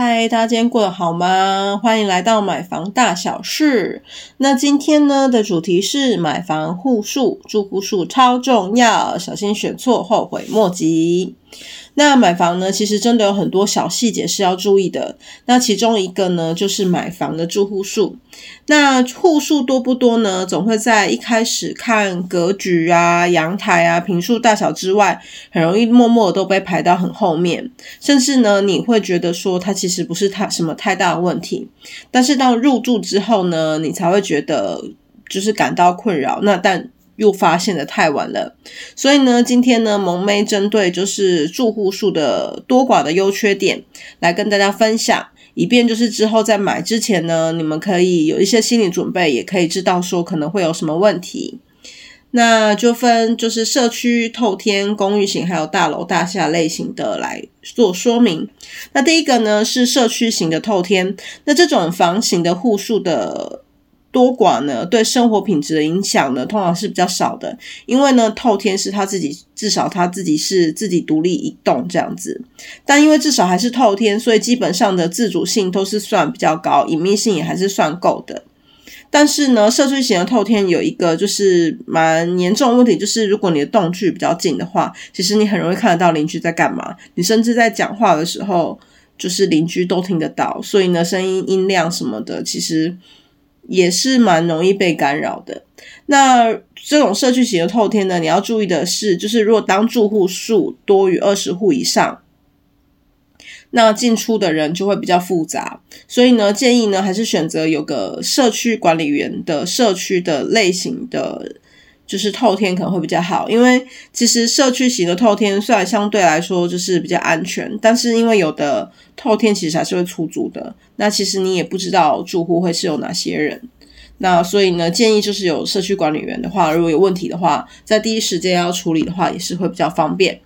嗨，大家今天過得好嗎？歡迎來到買房大小事。那今天呢的主題是買房戶數，住戶數超重要，小心選錯，後悔莫及。那買房呢，其實真的有很多小細節是要注意的。那其中一個呢，就是買房的住戶數。那戶數多不多呢？總會在一開始看格局啊、陽台啊、坪數大小之外，很容易默默的都被排到很後面，甚至呢，你會覺得說它其實不是它什麼太大的問題。但是到入住之後呢，你才會覺得就是感到困擾。那但，又發現得太晚了，所以呢，今天呢，萌咩針對就是住戶數的多寡的優缺點來跟大家分享，以便就是之後在買之前呢，你們可以有一些心理準備，也可以知道說可能會有什麼問題。那就分就是社區透天、公寓型還有大樓大廈類型的來做說明。那第一個呢是社區型的透天，那這種房型的戶數的。多寡呢？對生活品質的影響呢，通常是比較少的。因為呢，透天是他自己，至少他自己是自己獨立一棟這樣子。但因為至少還是透天，所以基本上的自主性都是算比較高，隱秘性也還是算夠的。但是呢，社區型的透天有一個就是蠻嚴重的問題，就是如果你的棟距比較近的話，其實你很容易看得到鄰居在幹嘛，你甚至在講話的時候，就是鄰居都聽得到。所以呢，聲音音量什麼的，其實。也是蠻容易被干擾的。那這種社區型的透天呢，你要注意的是，就是如果當住戶數多於二十戶以上，那進出的人就會比較複雜。所以呢，建議呢還是選擇有個社區管理員的社區的類型的。就是透天可能會比較好，因為其實社區型的透天雖然相對來說就是比較安全，但是因為有的透天其實還是會出租的，那其實你也不知道住戶會是有哪些人，那所以呢，建議就是有社區管理員的話，如果有問題的話，在第一時間要處理的話，也是會比較方便。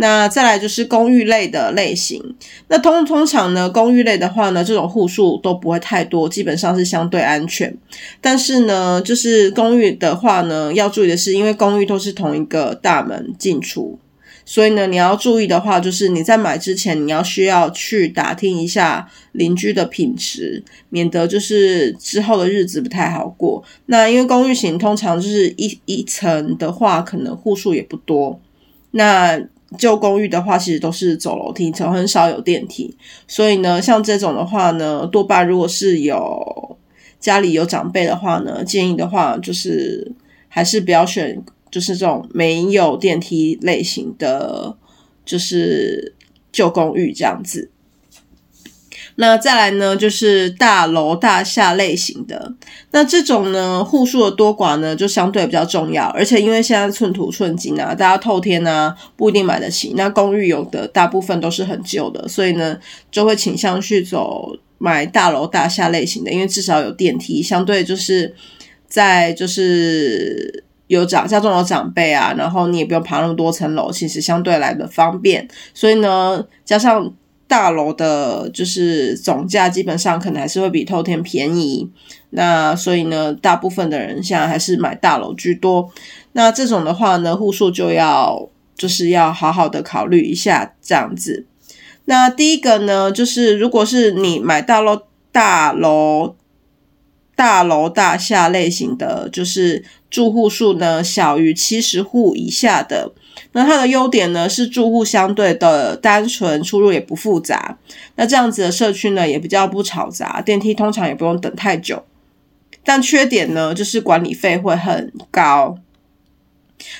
那再來就是公寓類的類型。那通通常呢，公寓類的話呢，這種戶數都不會太多，基本上是相對安全。但是呢，就是公寓的話呢，要注意的是，因為公寓都是同一個大門進出，所以呢，你要注意的話，就是你在買之前，你要需要去打聽一下鄰居的品質，免得就是之後的日子不太好過。那因為公寓型通常就是一一層的話，可能戶數也不多。那舊公寓的話，其實都是走樓梯，就很少有電梯。所以呢，像這種的話呢，多半如果是有家裡有長輩的話呢，建議的話就是還是不要選，就是這種沒有電梯類型的，就是舊公寓這樣子。那再來呢，就是大樓大廈類型的。那這種呢，戶數的多寡呢，就相對比較重要。而且因為現在寸土寸金啊，大家透天啊，不一定買得起。那公寓有的大部分都是很舊的，所以呢，就會傾向去走買大樓大廈類型的，因為至少有電梯，相對就是在就是有長家中有長輩啊，然後你也不用爬那麼多層樓，其實相對來的方便。所以呢，加上。大樓的，就是總價基本上可能還是會比透天便宜，那所以呢，大部分的人現在還是買大樓居多。那這種的話呢，戶數就要，就是要好好的考慮一下這樣子。那第一個呢，就是如果是你買大樓，大樓、大樓大廈類型的，就是住戶數呢，小於七十戶以下的。那它的優點呢是住戶相對的單純，出入也不複雜。那這樣子的社區呢也比較不吵雜，電梯通常也不用等太久。但缺點呢就是管理費會很高。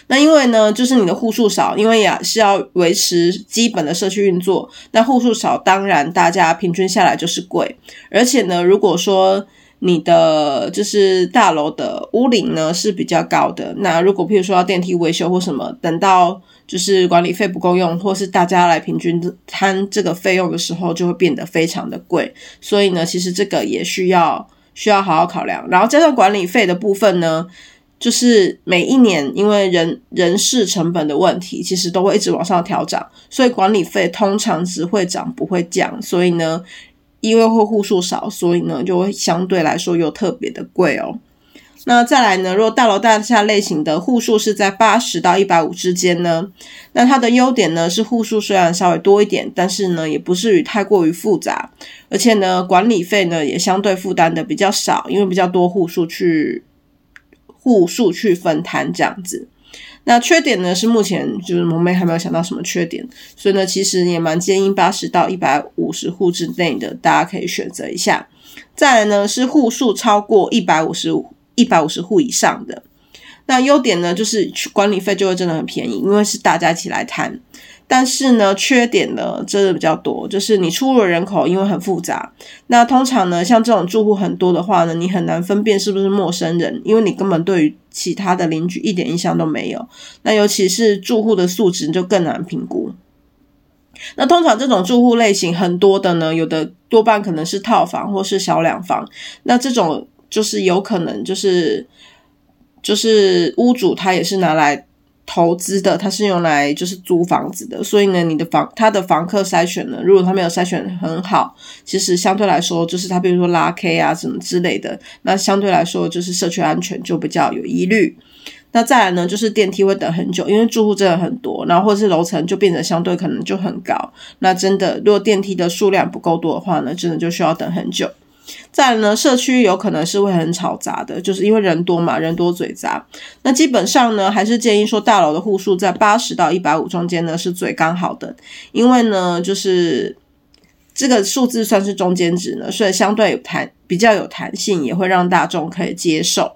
那因為呢就是你的戶數少，因為也是要維持基本的社區運作。那戶數少，當然大家平均下來就是貴。而且呢，如果說你的就是大樓的屋齡呢是比較高的，那如果譬如說要電梯維修或什麼，等到就是管理費不夠用，或是大家來平均攤這個費用的時候，就會變得非常的貴。所以呢，其實這個也需要需要好好考量。然後加上管理費的部分呢，就是每一年因為人人事成本的問題，其實都會一直往上調漲。所以管理費通常只會漲不會降。所以呢。因為會戶數少，所以呢就會相對來說又特別的貴哦。那再來呢，如果大樓大廈類型的戶數是在八十到一百五之間呢，那它的優點呢是戶數雖然稍微多一點，但是呢也不至於太過於複雜，而且呢管理費呢也相對負擔的比較少，因為比較多戶數去戶數去分攤這樣子。那缺點呢是目前就是萌咩還沒有想到什麼缺點，所以呢其實也蠻建議八十到一百五十戶之內的大家可以選擇一下。再來呢是戶數超過一百五十一百五十戶以上的，那優點呢就是管理費就會真的很便宜，因為是大家一起來談。但是呢，缺點呢真的比較多，就是你出入人口因為很複雜。那通常呢，像這種住戶很多的話呢，你很難分辨是不是陌生人，因為你根本對於其他的鄰居一點印象都沒有。那尤其是住戶的素質就更難評估。那通常這種住戶類型很多的呢，有的多半可能是套房或是小兩房。那這種就是有可能就是就是屋主他也是拿來。投資的它，是用來就是租房子的，所以呢，你的房，它的房客篩選呢，如果他沒有篩選很好，其實相對來說就是它，比如說拉 K 啊什麼之類的，那相對來說就是社區安全就比較有疑慮。那再來呢，就是電梯會等很久，因為住戶真的很多，然後或者是樓層就變得相對可能就很高，那真的如果電梯的數量不夠多的話呢，真的就需要等很久。再來呢，社區有可能是會很嘈雜的，就是因為人多嘛，人多嘴雜。那基本上呢，還是建議說，大樓的戶數在八十到一百五中間呢是最剛好的。因為呢，就是這個數字算是中間值呢，所以相對有彈，比較有彈性，也會讓大眾可以接受。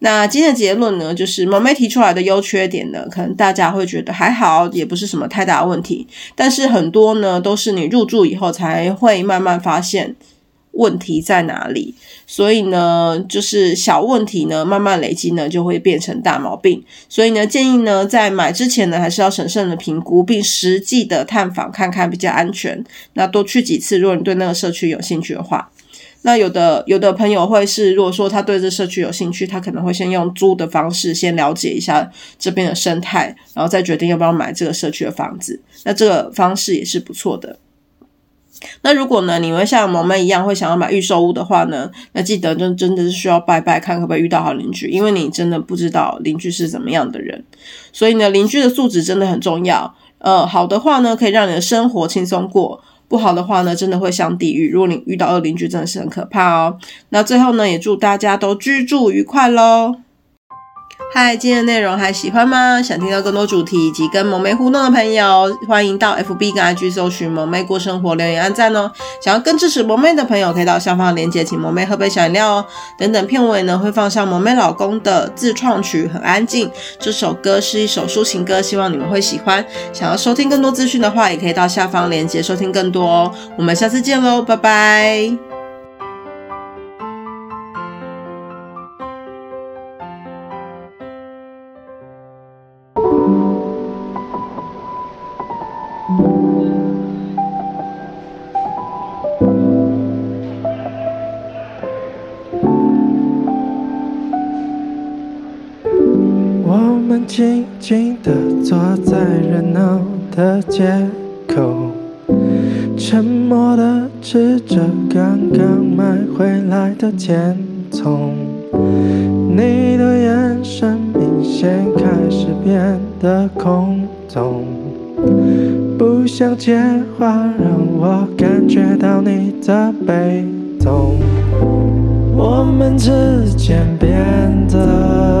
那今天的結論呢，就是萌咩提出來的優缺點呢，可能大家會覺得還好，也不是什麼太大的問題。但是很多呢，都是你入住以後才會慢慢發現。問題在哪裡？所以呢，就是小問題呢，慢慢累積呢，就會變成大毛病。所以呢，建議呢，在買之前呢，還是要審慎的評估，並實際的探訪看看比較安全。那多去幾次，如果你對那個社區有興趣的話，那有的有的朋友會是，如果說他對這社區有興趣，他可能會先用租的方式先了解一下這邊的生態，然後再決定要不要買這個社區的房子。那這個方式也是不錯的。那如果呢，你會像我們一樣會想要買預售屋的話呢，那記得就真的是需要拜拜，看可不可以遇到好鄰居，因為你真的不知道鄰居是怎麼樣的人，所以呢，鄰居的素質真的很重要。呃，好的話呢，可以讓你的生活輕鬆過；不好的話呢，真的會像地獄。如果你遇到惡鄰居，真的是很可怕哦。那最後呢，也祝大家都居住愉快嘍。嗨，今天的內容還喜歡嗎？想聽到更多主題以及跟萌咩互動的朋友，歡迎到 F B 跟 I G 搜尋“萌咩過生活”留言按讚哦。想要更支持萌咩的朋友，可以到下方鏈接請萌咩喝杯小飲料哦。等等片尾呢，會放上萌咩老公的自創曲《很安靜》，這首歌是一首抒情歌，希望你們會喜歡。想要收聽更多資訊的話，也可以到下方鏈接收聽更多哦。我們下次見嘍，拜拜。靜靜的坐在熱鬧的街口，沉默的吃着剛剛買回來的甜筒。你的眼神明顯開始變得空洞，不想接話，讓我感覺到你的悲痛。我們之間變得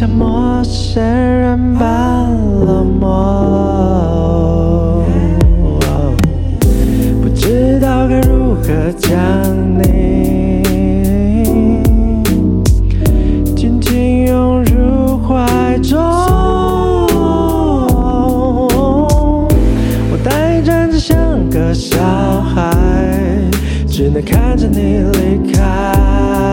像陌生人般冷漠，不知道該如何將你輕輕擁入懷中。我呆站着像個小孩，只能看着你離開。